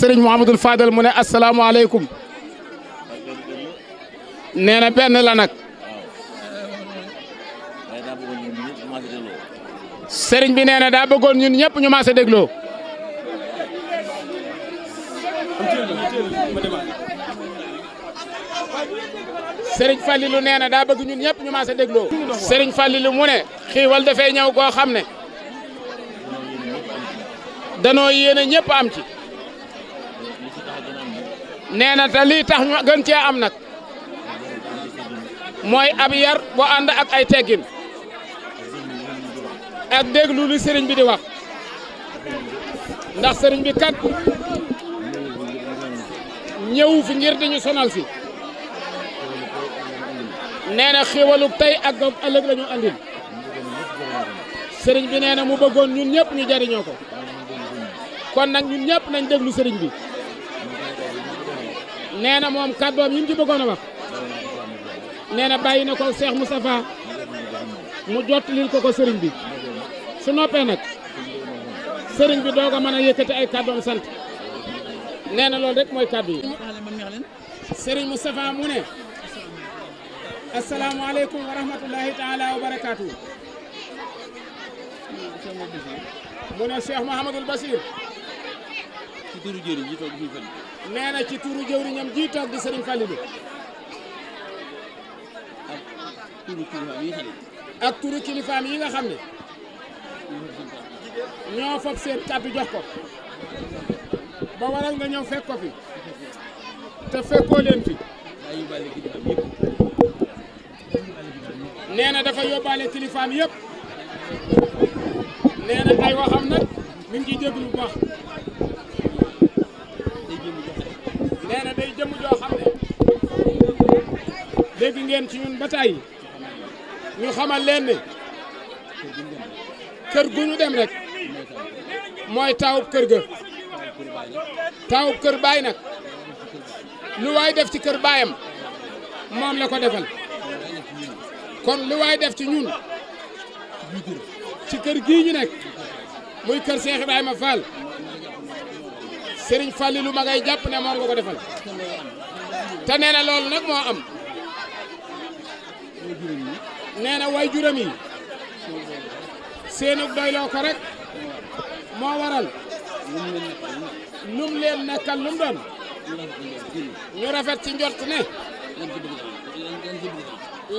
sëriñ Mouhamadul Fadal mu ne asalaamualeykum nee na benn la nag sëriñ bi nee na daa bëggoon ñun ñëpp ñu maase dégloo sëriñ Fallilou nee na daa bëgg ñun ñëpp ñu maase dégloo sëriñ Fallilou mu ne xiiwal dafay ñëw koo xam ne danoo yéene ñëpp am ci nee na te tax ñu gën cee am nag mooy ab yar bu ànd ak ay teggin ak déglu sëriñ bi di wax ndax sëriñ bi kat ñëwu fi ngir diñu sonal si nee na xéwalug tey ak ëllëg la ñu sëriñ bi nee na mu bëggoon ñun ñëpp ñu jariñoo ko kon nag ñun ñëpp nañ déglu sëriñ bi nee na moom kàddoom yi mu ci bëggoon a wax nee na bàyyi na ko Cheikh Moustapha mu jottalil ko ko sëriñ bi su noppee nag sëriñ bi doog a a yëkkati ay kàddoom sant nee na loolu rek mooy kàddu yi. sëriñ Moustapha mu ne. asalaamaaleykum wa taala wa barakaatu. mu ne Cheikh Mouhamadul Basir. ci turu jëriñ ji nee na ci turu jëwriñam ji toog di Serigne Fallilou ak turu kilifaam yi nga xam ne ñoo fob seen kàddu jox ko ba waral nga ñëw fekk ko fi te fekkoo leen fi nee na dafa yóbbaale kilifaam yëpp nee ay waxam nag mi ngi ciy déglu nee na day joo xam ngeen ci ñun ba tàyyi ñu xamal leen ñu dem mooy taawub kër ga taawub nag lu waay ci kër baayam moom la ko defal kon lu waay def ci ñun ci kër gii ñu nekk muy kër Cheikh Ibrahima Fall Serigne Fallilou ma ngay jàpp ne moom nga ko defal te nee na loolu nag moo am nee na way juram yi seenug doyloo rek moo waral lum leen nekkal lum doon rafet ci njort ne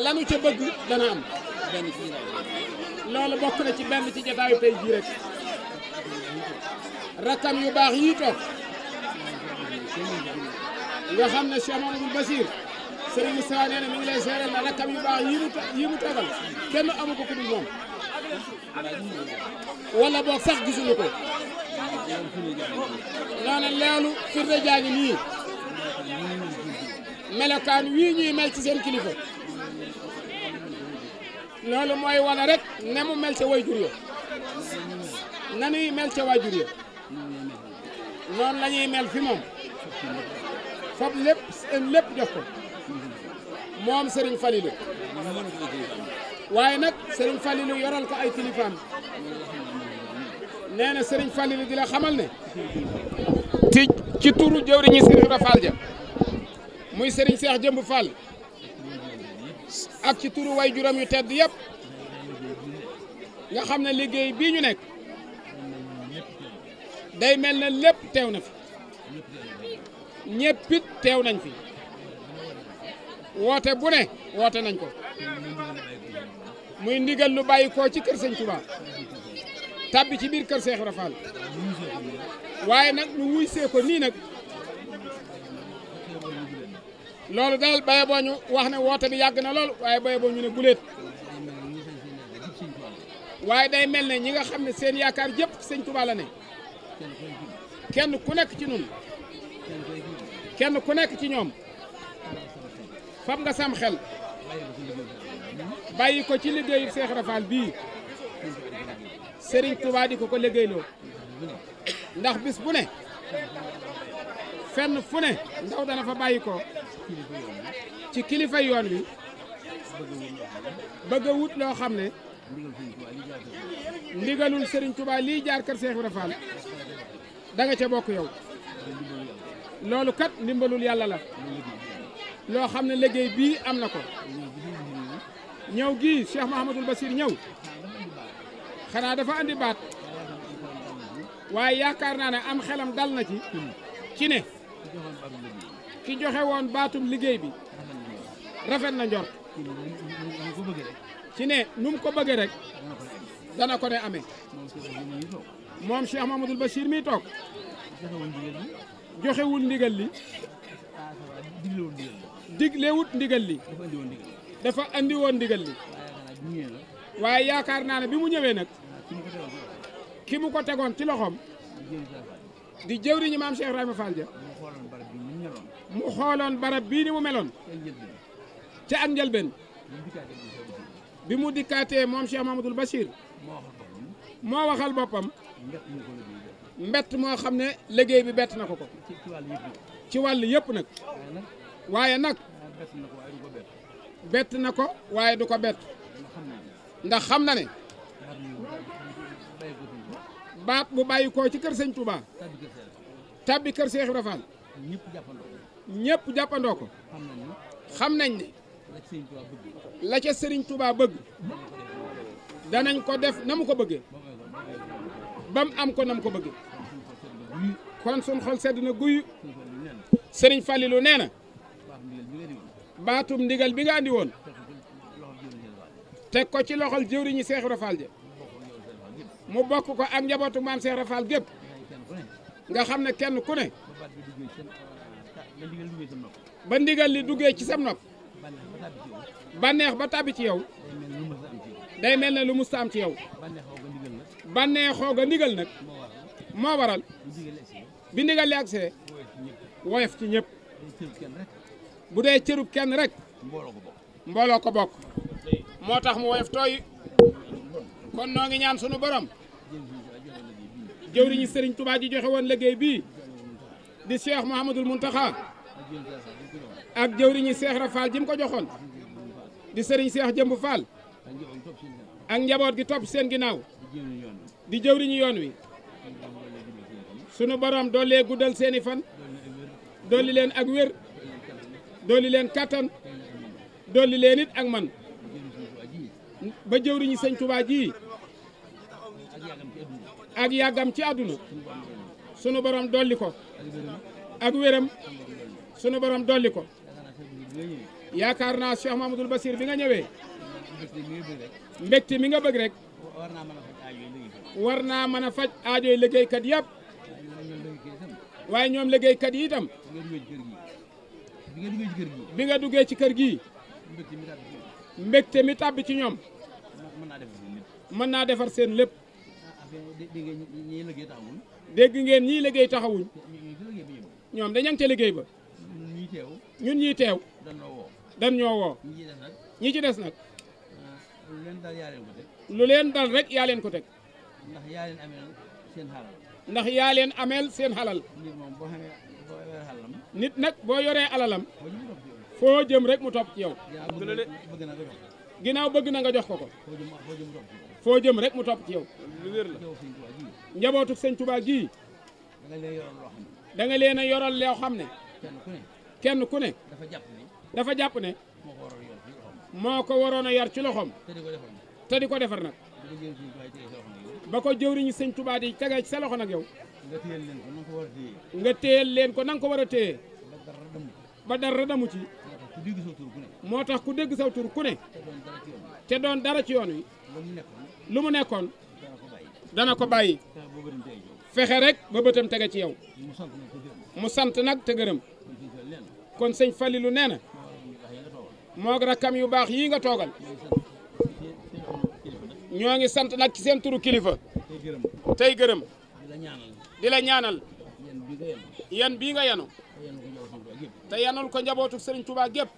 lanu ca bëgg dana am loolu bokk na ci benn ci jotaayu tey jii rakam yu baax yi toog nga xam ne Cheikh Mamadou Basir Serigne Moustapha nee na mi ngi lay mu yi kenn amu ko moom wala boog sax gisuñu ko nee na leelu firnde jaa ngi nii melokaan wii ñuy mel ci seen kilifa mooy wane rek ne mu mel ca waajur ya nanuy mel ca waajur ya noonu la ñuy fi moom fab lépp seen lépp jox ko moom Serigne Falilou waaye nag Serigne Falilou yoral ko ay kilifaam nee na Serigne di la xamal ne ci ci turu jëwriñu Serigne Ibra Fall ja muy Serigne Cheikh Jëmb Fall ak ci turu way juram yu tedd yëpp nga xam ne liggéey bii ñu nekk day mel ne lépp teew na fi ñëpp it teew nañ fi woote bu ne woote nañ ko muy ndigal lu bàyyi ci kër sëñ Touba tabbi ci biir kër Seex Ibra waaye nag nu wuy see ko nii nag loolu daal baye wax ne woote bi yàgg na lool waaye baye boo ñu ne guleet waaye day mel ne ñi nga xam ne seen yaakaar yëpp sëñ Touba la ne kenn ku nekk ci nun kenn ku ci ñoom fab nga sam xel bàyyi ko ci liggéeyu Seex Rafaal bii Serigne Touba di ko ko liggéeyloo ndax bis bu ne fenn fu ne ndaw dana fa ko ci kilifa yoon wi bëgg a wut loo xam ne ndigalul Serigne Touba lii jaar kër Seex Rafaal da yow. loolu kat ndimbalul yàlla la loo xam ne liggéey bii am na ko ñëw gii Cheikh Mahamadul Basir ñëw xanaa dafa andi baat waaye yaakaar naa ne am xelam dal na ci ci ne ki joxe woon baatum liggéey bi rafet na njort ci ne num ko bëggee rek dana ko ne amee moom Cheikh Mahamadul Basir mi toog joxewul ndigal li diglewut ndigal li dafa andi woon ndigal li waaye yaakaar naa ne bi mu ñëwee nag ki mu ko tegoon ci loxoom di jëwriñu maam Cheikh Ibrahima Fall ja mu xooloon barab bii ni mu meloon ca ak njëlbeen bi mu dikkaatee moom Cheikh Mamadou Bachir moo waxal boppam mbett moo xam ne liggéey bi bett na ko ko. ci wàll yëpp nag. waaye nag. bett na ko waaye du ko bett. ndax xam na ne. baat bu bàyyi koo ci kër sëñ tabbi kër Cheikh Ibra Fall. jàppandoo ko. xam nañ ne. la ca sëriñ Touba bëgg. danañ ko def na mu ko bëggee. ba am ko nam ko bëgg kon sun sedd na guyu sëriñ Fallilou nee na baatum ndigal bi nga andi woon teg ko ci loxol jëwriñu Seex Ibra mu bokk ko am njabootu maam Seex Ibra Faal gépp nga xam ne kenn ku ne ba ndigal li duggee ci sam nopp ba tàbbi ci yow day mel ne lu musta am ci yow bànneexoo ga ndigal nag moo waral bi ndigal li agsee ci ñëpp bu dee cërub kenn rek mbooloo ko bokk moo tax mu woyof tooy kon noo ngi ñaan sunu borom jëwriñu sëriñ Tuubaa ji joxe woon liggéey bii di Cheikh Mouhamadul Mountakha ak jëwriñu Cheikh Rafal ji ko joxoon di sëriñ Cheikh Jëmb Fall ak njaboot gi topp seen ginnaaw di jëwriñu yoon wi sunu borom doolee guddal seeni fan dolli leen ak wér dolli leen kattan dolli ak man ba jëwriñu sëñ Tuubaa ji ak yàggam ci àdduna sunu borom dolli ko ak wéram sunu borom dolli ko yaakaar naa Cheikh Mamadou Bassir bi nga ñëwee mbégte mi nga bëgg rek war naa mën a faj aajoy liggéeykat yëpp waaye ñoom liggéeykat yi itam bi nga duggee ci kër gi mbégte mi tàbbi ci ñoom mën naa defar seen lépp dégg ngeen ñii liggéey taxawuñ ñoom dañu ca liggéey ba ñun ñii teew dan ñoo woo ñi ci des nag lu leen dal rek yaa leen ko teg ndax yaa leen ameel seen xalal. ndax yaa leen ameel seen xalal. nit moom boo xamee nit nag boo yoree alalam. foo jëm rek mu topp ci yow. ginnaaw bëgg na nga jox ko ko. foo jëm rek mu topp ci yow. lu wér la njabootu sëñ Tuubaa gii. da nga leen a yoral loo xam ne. kenn ku ne. dafa jàpp ne. jàpp ne. moo ko waroon a yar ci loxoom. te di ko defar nag. ba ko jëwriñu sëñ Touba di tegee ci sa loxo nag yow. nga téyel leen ko nga ko téye. leen ko na ko war a téye. ba dara damu ci. moo tax ku dégg saw tur ku ne. te dara ci yoon wi. lu mu nekkoon. dana ko bàyyi. fexe rek ba bëtam tege ci yow. mu sant nag te gërëm. kon sëñ Falilou nee na. moog kam yu baax yii nga toogal. ñoo ngi sant nag ci seen turu kilifa. tey gërëm tey gërëm. di la ñaanal la ñaanal. yan bii nga yanu te yanul ko njabootu sëriñ Touba gépp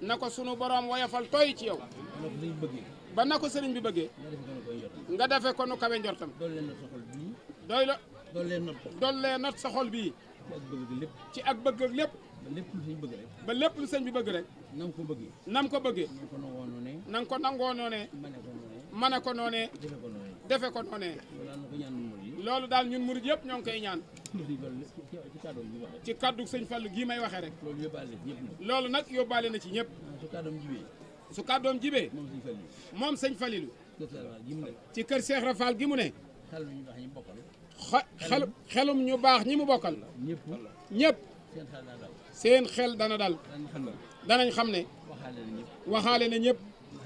na ko sunu borom woyofal tooy ci yow. ba na ko Serigne bi bëggee. nga defe ko nu kawe njortam. doy la dollee not sa xol bii. ci ak bëgg lépp. ba lépp lu sëñ bi bëgg rek. ba lépp lu sëñ bi bëgg rek. nam ko bëggee nam ko bëggee. na nga ko nangoo noonee. mën a ko noonee. defe ko noonee. loolu daal ñun murid yëpp ñoo ngi koy ñaan. ci kaddu sëñ Fallou gii may waxee rek. loolu nag yóbbaale na ci ñëpp. su kaddoom jibee. moom sëñ Falilou. ci kër Cheikh Rafal gi mu ne. xelum xelum ñu baax ñi mu bokkal. ñëpp. seen xel dana dal. danañ xam ne. waxaale na ñëpp.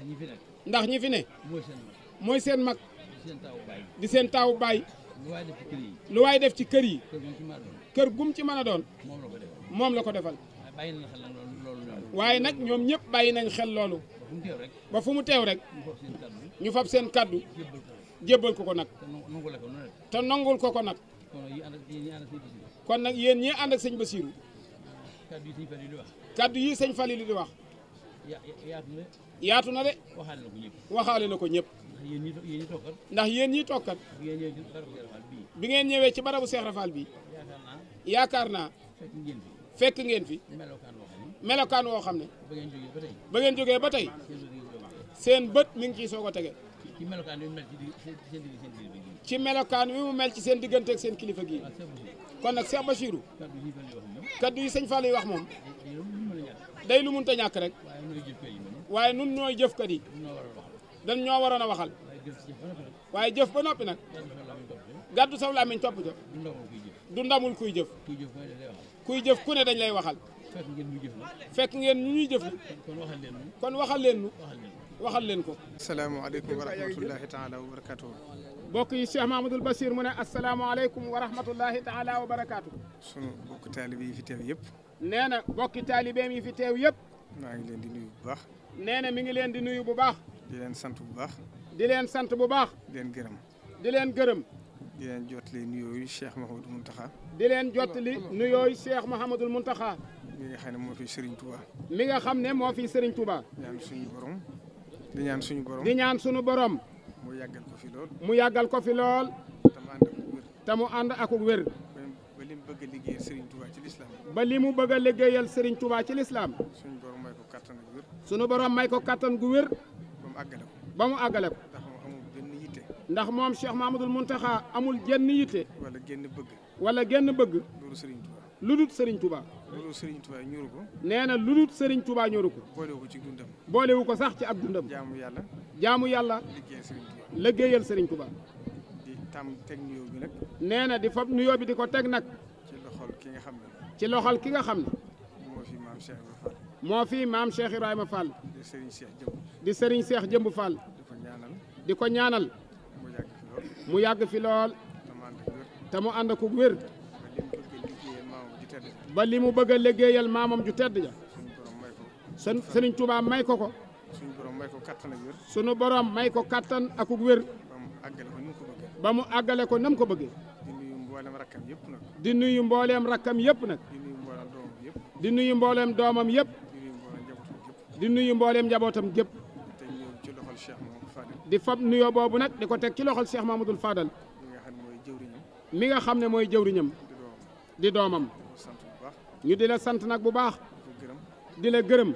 ñi fi ne. ndax ñi fi ne. mooy seen mag. mooy seen mag. di seen taawu baay. di seen taawu baay. lu waay def ci kër yi. kër gum ci mën a doon. moom la ko defal moom waaye nag ñoom ñëpp bàyyi nañ xel loolu. ba fu mu teew rek. ñu fab seen kaddu. jébbal ko ko nag. te nangul ko ko nag. kon nag yéen ñii ànd ak sëñ Basiiru. kaddu yi sëñ Falilu di wax. yaatu na de. waxaale na ko ñëpp. ndax yéen ñii tokkat bi ngeen ñëwee ci barabu Seex Rafal bi yaakaar naa fekk ngeen fi melokaan woo xam ne ba ngeen jógee ba tey seen bët mi ngi ciy soog a tege ci melokaan wi mu mel ci seen diggante seen kilifa gi kon nag Seex Basiiru kaddu yi sëñ Fall yi wax moom day lu mënta ñàkk rek waaye nun ñooy jëfkat yi dan ñoo waroon a waxal waaye jëf ba noppi nag gàddu saw làmmiñ topp jëf du ndamul kuy jëf kuy jëf ku ne dañ lay waxal fekk ngeen ñu ñuy jëf kon waxal leen nu waxal leen ko asalaamaaleykum wa rahmatullahi taala wa barakatuhu mbokk yi Cheikh Mahamadoul Bachir mu ne asalaamaaleykum wa rahmatullahi taala wa barakatuhu sunu bokki taalibe yi fi teew yëpp nee na bokki taalibeem yi fi teew yëpp maa ngi leen di nuyu bu baax. na mi ngi leen di nuyu bu baax. di leen sant bu baax. di leen sant bu baax. leen gërëm. di leen gërëm. di leen jottali nuyoo yi Cheikh Mouhamadou Mountakha. di leen jottali nuyoo yi Cheikh Mouhamadou Mountakha. mi nga xam ne moo fi Serigne Touba. mi nga xam ne moo fi Serigne Touba. ñaan suñu borom. di ñaan suñu borom. di ñaan suñu borom. mu yàggal ko fi lool. mu yàggal ko fi lool. te mu ànd ak wér. ba mu bëgg a liggéeyal Serigne ci lislaam. ba li mu bëgg a liggéeyal Serigne Touba ci lislaam. suñu sunu borom may ko kàttan gu wér. ba mu àggale ko. ba mu àggale ko. ndax moom amul genn yitte. ndax moom Cheikh Mahmadul Muntaxa amul jenn yitte. wala genn bëgg. wala genn bëgg. loolu Serigne lu dul sëriñ Touba. loolu Serigne Touba ñoru ko. nee na lu dul Serigne Touba ñoru ko. boolewu ci dundam. boolewu ko sax ci ab dundam. jaamu yàlla. jaamu yàlla. liggéeyal Serigne Touba. Touba. di tam teg nuyoo bi nag. nee na di fab nuyoo bi di ko teg nag. ci loxol ki nga xam ne. ci loxol ki nga xam ne. moo moo fi maam Cheikh Ibrahima Fall. di Serigne Cheikh Jëmb. di Serigne Cheikh Jëmb Fall. di ko ñaanal. di ko ñaanal. mu yàgg fi lool. te mu ànd ku wér. ba li mu bëgg a liggéeyal maamam ju tedd ja. sën Serigne may ko ko. suñu borom may ko kattan ak wér. may ko kattan ak wér. ba mu àggale ko nam ko bëggee. di nuyu mboolem di nuyu mbooleem rakkam yëpp nag. di nuyu mbooleem doomam yëpp. nuyu mbooleem doomam yëpp. di nuyu mbooleem njabootam gépp di fab nuyoo boobu nag di ko teg ci loxol Cheikh Mahmadul Fadal mi nga xam ne mooy jëwriñam di doomam ñu di la sant nag bu baax di la gërëm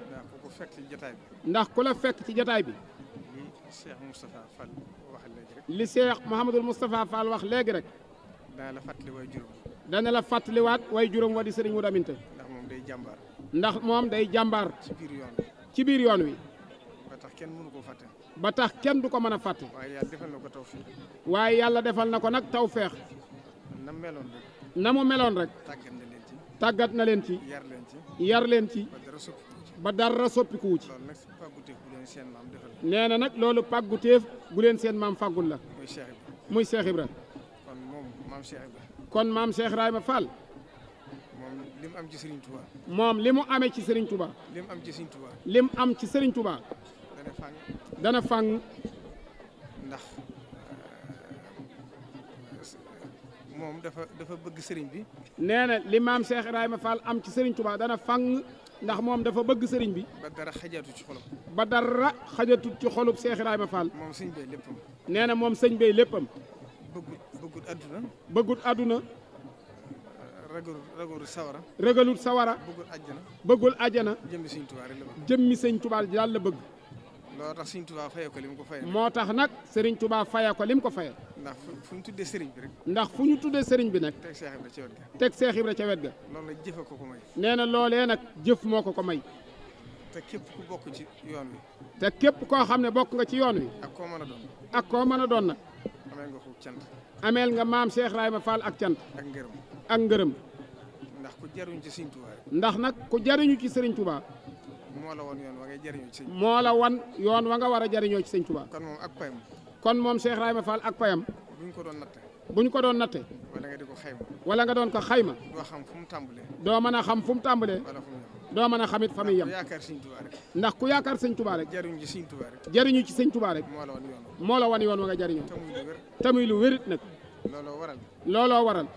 ndax ku la fekk ci jataay bi li Cheikh Mouhamadul Moustapha Fall wax léegi rek dana la fàttaliwaat juróom dana la fàttaliwaat way juróom wa di sëriñ Wud Aminte ndax moom day jàmbaar ndax moom day jàmbaar ci ci biir yoon wi. ba tax kenn mënu ko fàtte. ba tax kenn du ko mën a fàtte. waaye yàlla defal na ko waaye yàlla defal na ko nag tawfeex. na mu meloon rek. na tàggat na leen ci. tàggat leen ci. yar leen ci. yar leen ci. ba dara soppikuwu ci. nee na nag loolu pàgguteef bu leen seen maam fàggul la. muy Cheikh Ibra. kon moom maam Cheikh Ibra. kon maam Cheikh moom li mu am ci Serigne Touba. moom li mu amee ci Serigne Touba. li mu am ci Serigne Touba. li mu am ci sëriñ Touba. dana fang. dana fang. ndax euh, moom dafa dafa bëgg Serigne bi. nee na li maam Cheikh Ibrahima Fall am ci Serigne Touba dana fang. ndax moom dafa bëgg sëriñ bi. ba dara xajatu ci xolub. ba dara xajatu ci xolub Cheikh Ibrahima Fall. moom sëñ bee léppam. nee na moom sëñ bee léppam. bëggut bëggut àdduna. bëggut àdduna. ragalul ragalul sawara. ragalul sawara. bëggul àjjana. bëggul àjjana. jëmmi sëñ Tuubaa rek la bëgg. jëmmi sëñ Tuubaa daal la bëgg. loo tax sëñ Tuubaa fayee ko lim ko fayee. moo tax nag sëriñ Tuubaa fayee ko lim ko fayee. ndax fu ñu tuddee sëriñ bi rek. ndax fu ñu tuddee sëriñ bi nag. teg Seex Ibra ca wet ga. teg Seex Ibra ca wet ga. loolu nag jëfee ko ko may. nee na loolee nag jëf moo ko ko may. te képp ku bokk ci yoon wi. te képp koo xam ne bokk nga ci yoon wi. ak koo mën a doon. ak koo mën a doon nag. ameel nga ko cant. ameel maam Cheikh Ibrahima Fall ak cant. ak ngërëm. ak ngërëm. ku ci Serigne ndax nag ku jariñu ci Serigne Touba moo la wan yoon wa ngay jariñoo ci moo la wan yoon wa nga war a jariñoo ci Serigne Touba kon moom ak kon moom Cheikh Ibrahima Fall ak payam buñ ko doon natte buñ ko doon natte wala nga di ko xayma wala nga doon ko xayma doo xam fu mu tàmbalee doo mën a xam fu mu tàmbalee doo mën a xamit fa muy yem ndax ku yaakaar Serigne Touba rek jariñu ci Serigne Touba rek jariñu ci Serigne Touba rek moo la wan yoon wa nga jariñoo tamuy lu wérit nag looloo waral looloo waral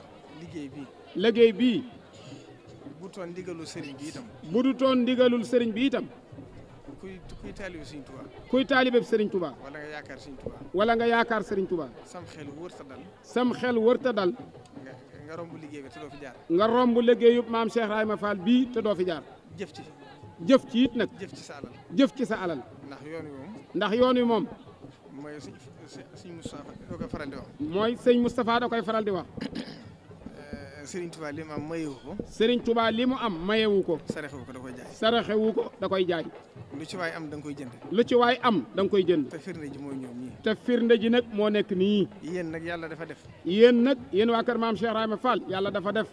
liggéey bii liggéey bii bu doon ndigalul sëriñ bi itam. bu du doon ndigalul sëriñ bi itam. kuy kuy taalibe sëriñ Touba. kuy wala nga yaakaar sëriñ Touba. wala nga yaakaar sëriñ Touba. sam xel wërta dal. sam xel wërta dal. nga romb liggéey bi te doo fi jaar. nga romb liggéeyub maam Cheikh Rahima bii te doo fi jaar. jëf ci. jëf ci it nag. jëf ci sa alal. jëf ci sa alal. ndax yoon wi moom. ndax yoon wi moom. mooy sëñ Moustapha da mooy sëñ Moustapha da koy faral di wax. Serigne Touba li mu am mayewu ko. Serigne Touba li mu am mayewu ko. saraxewu ko da koy jaay. saraxewu ko da koy jaay. lu ci waay am danga koy jënd. lu ci waay am da koy jënd. te firnde ji mooy ñoom ñii. te firnde ji nag moo nekk nii. yéen nag yàlla dafa def. yéen nag yéen waa kër maam Cheikh Rahma Fall yàlla dafa def.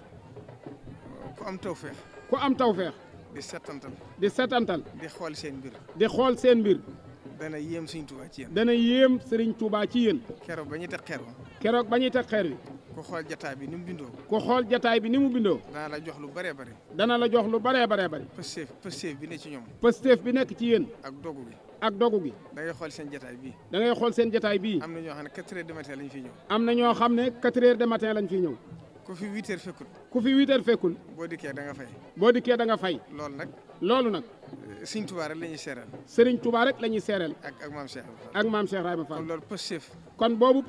ku am tawfeex. ku am tawfeex. di setantal. di setantal. di xool seen mbir. di xool seen mbir. dana yéem Serigne Touba ci yéen. yéem Serigne Touba ci yéen. keroog ba ñuy teg xeer wa. keroog ba ñuy teg xeer wi. ku xool jataay bi ni mu bindoo. ku xool jataay bi ni mu bindoo. dana la jox lu bare bëri. dana la jox lu bëree bëree bëri. pësteef pësteef bi ne ci ñoom. pësteef bi nekk ci yéen. ak dogu gi. ak dogu gi. da xool seen jataay bi da ngay xool seen jataay bii. am na ñoo xam ne quatre heures de matin lañ fiy ñëw. am na ñoo xam ne quatre heures de matin lañ fiy ñëw. ku fi huit heures fekkul. ku fi huit heures boo dikkee danga fay. boo dikkee danga fay. lool nag. loolu nag. Eh, Sëriñ Touba rek la ñuy seeral. Sëriñ Touba rek la ñuy seeral. ak ak maam Cheikh. ak maam Cheikh Rahma Fall. kon loolu pësteef. kon boobu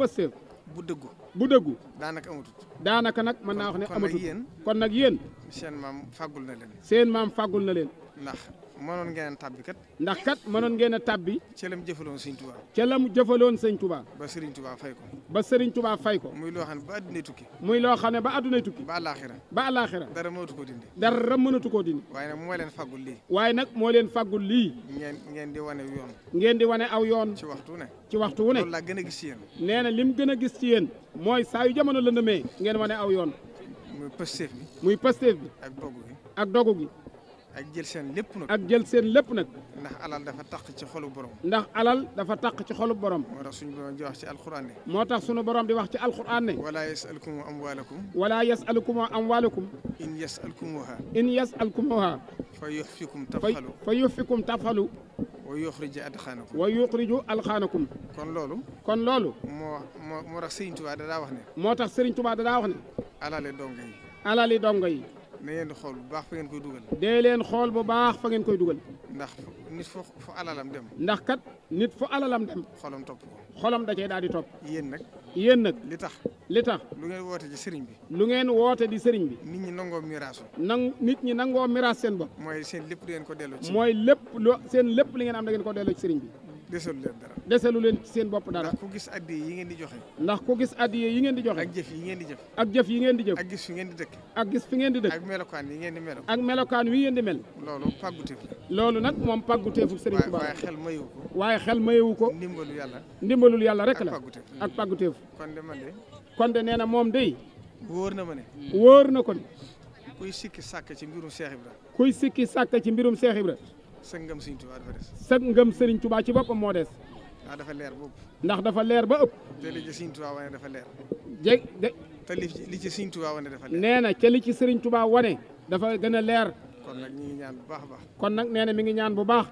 bu dëggu. bu dëggu. daanaka amatut. daanaka nag mën naa wax ne amatut kon nag yéen. seen maam fàggul na leen. seen maam fàggul na leen. ndax. mënoon ngeen a tàbbi kat. ndax kat mënoon ngeen a tàbbi. ca la mu jëfaloon sëñ Touba. ca la mu jëfaloon sëñ Touba. ba Serigne Touba fay ko. ba Serigne Touba fay ko. muy loo xam ne ba addunay tukki. muy loo xam ne ba addunay tukki. ba àllaaxira. ba àllaaxira. dara mënatu ko dindi. dara mënatu koo dindi. waaye nag moo leen faggul lii. waaye nag moo leen faggul lii. ngeen ngeen di wane yoon. ngeen di wane aw yoon. ci waxtu wu ne. ci waxtu wu ne loolu laa gën a gis ci yéen. nee na lim gën a gis ci yéen. mooy saa yu jamono lëndëmee ngeen wane aw yoon muy bi. muy pasteef bi. ak dogu gi. ak dogu ak jël seen lépp nag. ak jël seen lépp nag. ndax alal dafa taq ci xolu borom. ndax alal dafa taq ci xolu borom. moo tax sunu borom di wax ci alxuraan ne. moo tax suñu borom di wax ci alxuraan ne. wala yasalukum amwaalakum. wala yasalukum amwaalakum. in yasalkumuha. in yasalkumuha. fa yuxfikum tafxalu. fa yuxfikum tafxalu. wa yuxriju adxaanakum. wa yuxriju alxaanakum. kon loolu. kon loolu. moo moo moo tax Serigne Touba da wax ne. moo tax Serigne Touba da daa wax ne. alali dongo yi. yi. na ngeen di xool bu baax fa ngeen koy dugal. dee leen xool bu baax fa ngeen koy dugal. ndax nit fo fu alalam dem. ndax kat nit fu alalam dem. xolam topp ko. xolam da daal di topp. yéen nag. yéen nag li tax. li tax lu ngeen woote ci sëriñ bi. lu ngeen woote di sëriñ bi. nit ñi nangoo miraasu. nang nit ñi nangoo miraas seen bopp. mooy seen lépp li ngeen ko delloo mooy lépp loo seen lépp li ngeen am da ngeen ko delloo ci sëriñ bi. desalu leen dara leen ci seen bopp dara ndax ku gis addiye yi ngeen di joxe ndax ku gis addiye yi ngeen di joxe ak jëf yi ngeen di jëf ak jëf yi ngeen di jëf ak gis fi ngeen di dëkk ak gis fi ngeen di ak melokaan yi ngeen di ak melokaan wi ngeen di mel loolu pàgguteef loolu nag moom pàgguteefu Sëriñ Tuubaa waaye xel mayewu ko waaye xel mayewu ko ndimbalul yàlla ndimbalul yàlla rek la ak pàgguteef kon de man de kon de nee na moom day wóor na ma ne wóor na ko ne kuy sikki sàkk ci mbirum Seex Ibra kuy sikki sàkk ci mbirum Seex Ibra sag ngëm Serigne Touba ngëm Serigne Touba ci boppam moo des. ndax dafa leer ba ëpp. ndax dafa leer ba ëpp. te li dafa leer. jég te li ci Serigne Touba wane dafa nee na ca li ci Serigne tubaa wane dafa gën a leer. kon nag ñu ngi ñaan bu baax a baax. kon nag nee na mi ngi ñaan bu baax.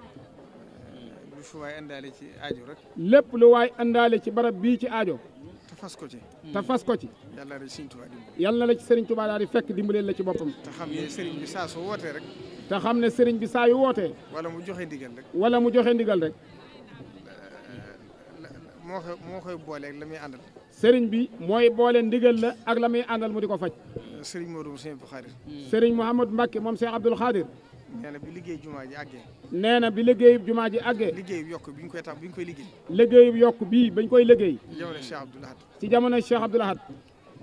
lu fu waay indaale ci aajo rek. lépp lu waay indaale ci barab bii ci aajo. fas ko ci. fas ko ci. yàlla na Sëriñ Tuubaa dimbali. yàlla la ci Sëriñ Tuubaa daal di fekk dimbaleel la ci boppam. te xam ne sëriñ bi saa su wootee rek. te xam ne sëriñ bi saa yu wootee. wala mu joxe ndigal rek. wala mu joxe ndigal rek. moo koy moo boole ak la muy àndal. sëriñ bi mooy boole ndigal la ak la muy àndal mu di ko faj. sëriñ Modou Moussa Abdou Khadir. sëriñ Mouhamadou Mbacke moom Cheikh Abdoul Khadir. nee na bi liggéey jumaa ji àggee. nee na bi liggéeyub jumaa ji àggee. liggéeyub yokk bi ñu koy tax bi ñu koy liggéey. liggéeyub yokk bii bañ koy liggéey. ci jamono Cheikh Abdoul Ahad. ci jamono Cheikh Abdoul Ahad.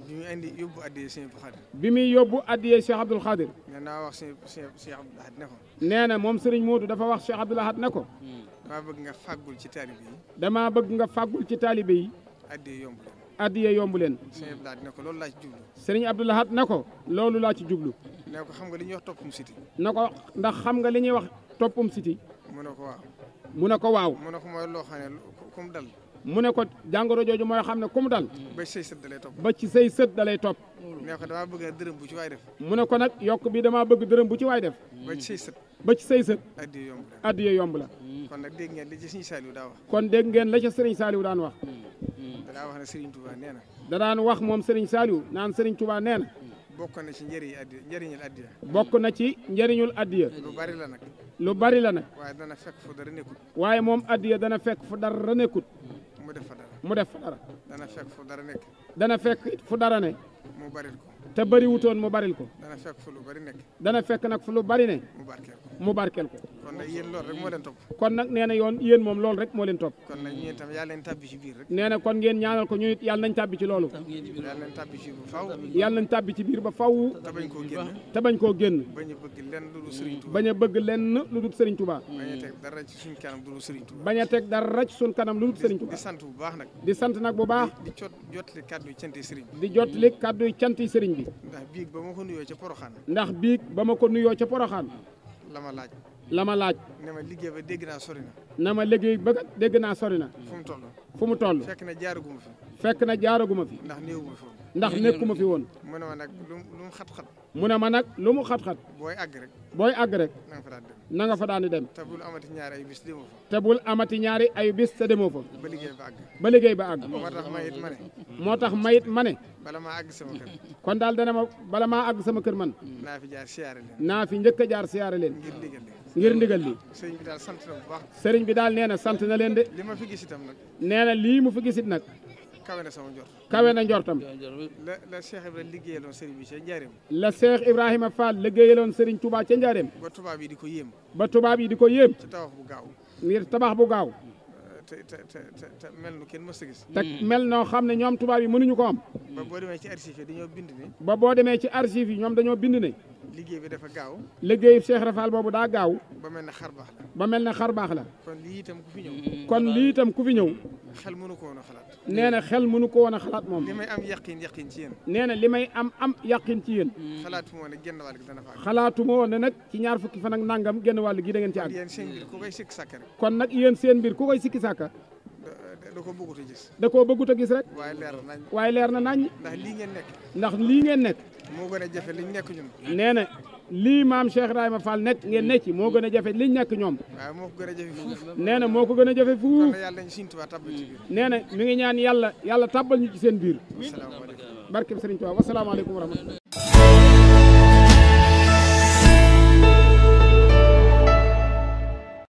bi muy indi yóbbu addiyee Cheikh Abdoul bi muy yóbbu addiyee Cheikh Abdoul Khadir. nee naa wax Cheikh Cheikh Abdoul Ahad ne ko. nee na moom Serigne Modou dafa wax Cheikh Abdoul Ahad ne ko. damaa bëgg nga fàggul ci taalibe yi. damaa bëgg nga fàggul ci taalibe yi. addiyee yomb leen. addiya yombu leen. sëriñ Abdoulahat ne ko loolu laa ci jublu. sëriñ Abdoulahat ne ko loolu laa ci jublu. ne ko xam nga li ñuy wax toppum siti. ne ko ndax xam nga li ñuy wax toppum siti. mu ne ko waaw. mu ne ko waaw. mu ne ko jàngoro jooju mooy xam ne ku dal. ba ci say da lay topp. ba ci say sët da lay topp. mu ne ko damaa bëgg dërëm bu ci waay def. mu ko nag yokk bi damaa bëgg dërëm bu ci waay def. ba ci say sët. ba ci say sët. addiya yomb la addiya yomb la. kon nag dégg ngeen li ci Serigne Saliou daan wax. kon dégg ngeen la ca Serigne Saliou daan wax. danaa wax ne Serigne Touba nee na. da daan wax moom Serigne Saliou naan Serigne Touba nee bokk na ci njëriñ addiya njëriñul addiya. bokk na ci njëriñul addiya. lu bari la nag. lu bari la nag. waaye dana fekk fu dara nekkut. waaye moom addiya mu def mu def fa dara. dana fekk fu dara dana fekk fu dara ne. mu baril ko. te bëri mu baril ko. dana fekk fu lu bari fekk nag fu lu bari ne. mu barkeel ko ko. kon nag yéen loolu moo leen topp. kon nag nee na yoon yéen moom loolu rek moo leen topp. kon nag ñun itam yàlla nañ tàbbi ci biir rek. nee na kon ngeen ñaanal ko ñun it yàlla nañ tàbbi ci loolu. yàlla nañ tàbbi ci biir ba faaw. yàlla tàbbi ci biir ba faaw. te bañ koo génn te bañ koo génn. bañ a bëgg lenn lu dul Serigne Touba. bañ a bëgg lenn lu dul Serigne Touba. bañ a ci suñ kanam lu dul Serigne Touba. bañ a teg dara ci suñ kanam lu dul Serigne Touba. di sant bu baax nag. di sant nag bu baax. di jot li kàddu yi cant yi Serigne jot li kàddu yi bi bi. ndax biig ba ma ko nuyoo ca Poroxaan. ndax biig ba ma ko nuyoo ca Poroxaan. la ma laaj. la ma laaj. ne ma liggéey ba dégg naa sori na. na ma liggéey ba dégg naa sori na. fu mu toll. fu mu toll. fekk na jaaraguma fi. fekk na jaaraguma fi. ndax néewuma ndax nekkuma fi woon. mu ne ma nag lu mu xat-xat. mu ne ma nag lu mu xat-xat. booy àgg rek. booy àgg rek. na nga fa daan dem na dem. te bul amati ñaari ay bis te demoo fa. amati ñaari ay bis te demoo fa. ba liggéey ba àgg. ba liggéey ba àgg. moo tax mayit ma ne. moo tax mayit ma ne. bala maa àgg sama kon daal dana ma bala maa àgg sama kër man. naa fi jaar siyaare leen. naa fi njëkk jaar siyaare leen. ngir ndigal leen. ngir ndigal li. sëriñ bi daal sant bi daal nee na sant na leen de. li ma fi gis itam nag. nee na lii mu fi gisit nag kawe na sama njort. kawe na njortam. la la Cheikh Ibrahima liggéeyaloon Serigne bi ca Njaareem. la Cheikh Ibrahima Fall liggéeyaloon Serigne Touba ca Njaareem. ba tubaab yi di ko yéem. ba tubaab yi di ko yéem. ci tabax bu gaaw. ngir tabax bu gaaw. Euh, te te te te mel nu kenn mës a gis. te mel noo xam ne ñoom tubaab yi mënuñu ko am. ba boo demee ci archives yi dañoo bind ne. ba boo demee ci archives yi ñoom dañoo bind ne. liggéey bi dafa gaaw. liggéey Cheikh Rafal boobu daa gaaw. ba mel ne xar baax la. ba mel ne xar baax la. kon lii itam ku fi ñëw. Mm. kon lii itam ku fi ñëw. xel mënu ko woon a xalaat. nee na xel mënu ko woon a xalaat moom. li may am yaqin yaqin ci yéen. nee na li may am am yaqin ci yéen. Mm. xalaatuma woon ne genn wàll gi dana fa àgg. woon ne nag ci ñaar fukki fan ak nangam genn wàll gi da ci àgg. kon yéen seen mbir ku koy sikki sàkka kon nag yéen seen mbir ku koy sikki sàkka. da koo bëggut gis. da koo bëggut a gis rek. waaye leer na nañ. waaye leer na nañ. ndax lii ngeen nekk. ndax lii ngeen nekk. moo gën a jafe liñ nekk ñun. nee na lii maam daay ma Fall nekk ngeen ne ci moo gën a jafe liñ nekk ñoom. waaw moo ko gën a jafe fuuf. nee na moo ko gën a jafe fuuf. nee na mi ngi ñaan yàlla yàlla tàbbal ñu ci seen biir. barke Serigne Touba wasalaamaaleykum wa rahmatulah.